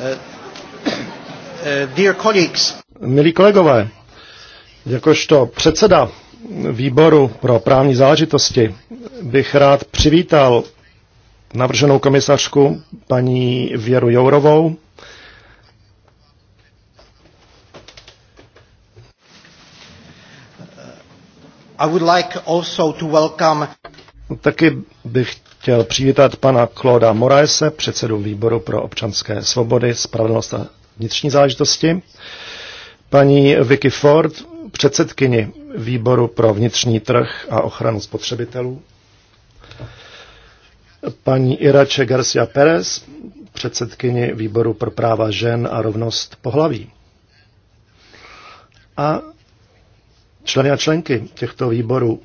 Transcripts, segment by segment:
Eh, eh, Milí kolegové, jakožto předseda výboru pro právní záležitosti bych rád přivítal navrženou komisařku paní Věru Jourovou. Eh, I would like also to welcome... Taky bych chtěl přivítat pana Clauda Moraese, předsedu výboru pro občanské svobody, spravedlnost a vnitřní záležitosti, paní Vicky Ford, předsedkyni výboru pro vnitřní trh a ochranu spotřebitelů, paní Irače Garcia Pérez, předsedkyni výboru pro práva žen a rovnost pohlaví. A členy a členky těchto výborů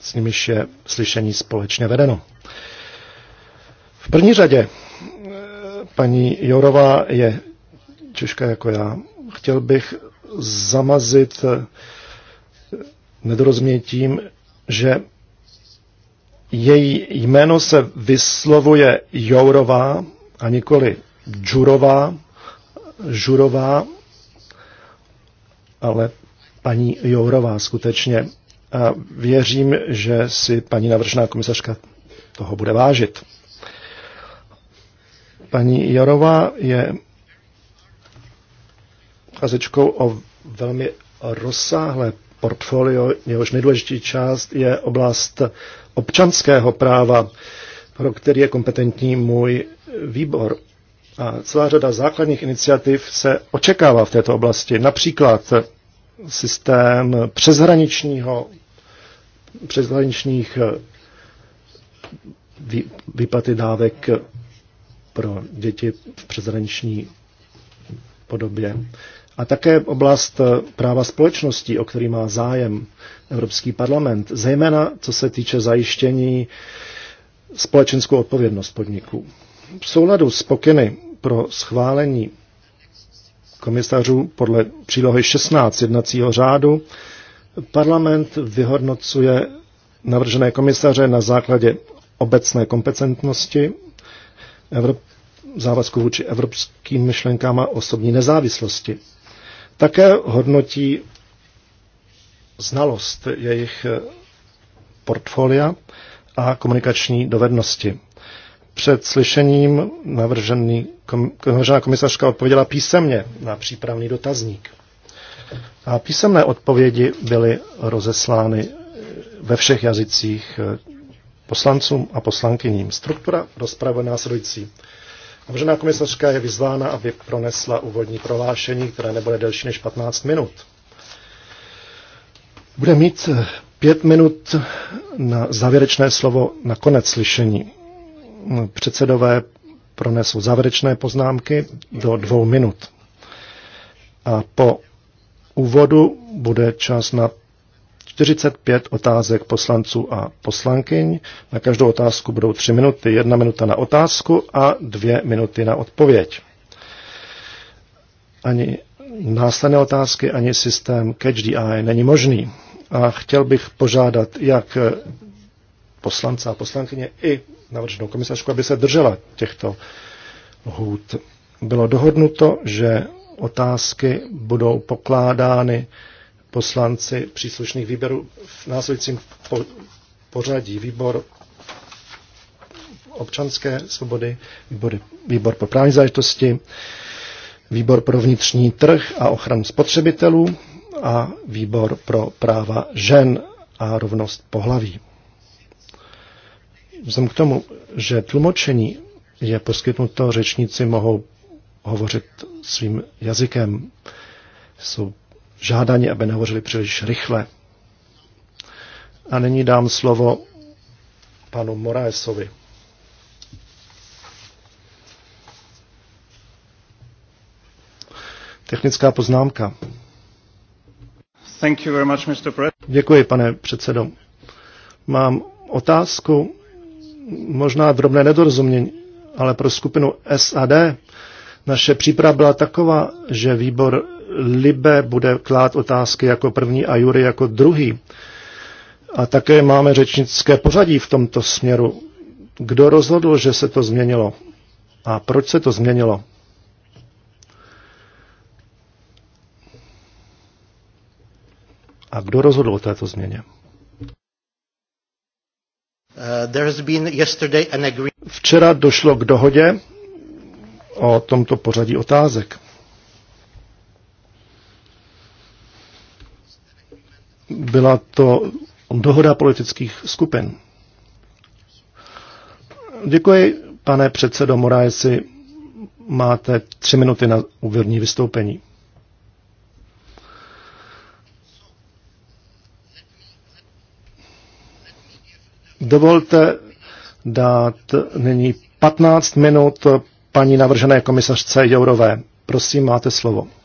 s nimiž je slyšení společně vedeno. V první řadě eh, paní Jourová je Češka jako já. Chtěl bych zamazit eh, nedorozumět tím, že její jméno se vyslovuje Jourová a nikoli Džurová, Žurová, ale paní Jourová skutečně a věřím, že si paní navržená komisařka toho bude vážit. Paní Jarová je chazečkou o velmi rozsáhlé portfolio, jehož nejdůležitější část je oblast občanského práva, pro který je kompetentní můj výbor. A celá řada základních iniciativ se očekává v této oblasti. Například systém přeshraničního, přeshraničních eh, výplaty dávek pro děti v přeshraniční podobě. A také oblast eh, práva společností, o který má zájem Evropský parlament, zejména co se týče zajištění společenskou odpovědnost podniků. V souladu s pokyny pro schválení komisařů podle přílohy 16 jednacího řádu. Parlament vyhodnocuje navržené komisaře na základě obecné kompetentnosti, Evrop, závazku vůči evropským myšlenkám a osobní nezávislosti. Také hodnotí znalost jejich portfolia a komunikační dovednosti před slyšením navržený, kom, navržená komisařka odpověděla písemně na přípravný dotazník. A písemné odpovědi byly rozeslány e, ve všech jazycích e, poslancům a poslankyním. Struktura rozpravy následující. Navržená komisařka je vyzvána, aby pronesla úvodní prohlášení, které nebude delší než 15 minut. Bude mít e, pět minut na závěrečné slovo na konec slyšení předsedové pronesou závěrečné poznámky do dvou minut. A po úvodu bude čas na 45 otázek poslanců a poslankyň. Na každou otázku budou 3 minuty, 1 minuta na otázku a 2 minuty na odpověď. Ani následné otázky, ani systém Catch the Eye není možný. A chtěl bych požádat jak poslance a poslankyně i navrženou komisařku, aby se držela těchto lhůt. Bylo dohodnuto, že otázky budou pokládány poslanci příslušných výběrů v následujícím po, pořadí. Výbor občanské svobody, výbor, výbor pro právní záležitosti, výbor pro vnitřní trh a ochranu spotřebitelů a výbor pro práva žen a rovnost pohlaví. Vzhledem k tomu, že tlumočení je poskytnuto, řečníci mohou hovořit svým jazykem. Jsou žádani, aby nehovořili příliš rychle. A nyní dám slovo panu Moraesovi. Technická poznámka. Thank you very much, Mr. Děkuji, pane předsedo. Mám otázku možná drobné nedorozumění, ale pro skupinu SAD naše příprava byla taková, že výbor Libe bude klát otázky jako první a Jury jako druhý. A také máme řečnické pořadí v tomto směru. Kdo rozhodl, že se to změnilo? A proč se to změnilo? A kdo rozhodl o této změně? Uh, Včera došlo k dohodě o tomto pořadí otázek. Byla to dohoda politických skupin. Děkuji, pane předsedo Moraesi. Máte tři minuty na úvodní vystoupení. Dovolte dát nyní 15 minut paní navržené komisařce Jourové. Prosím, máte slovo.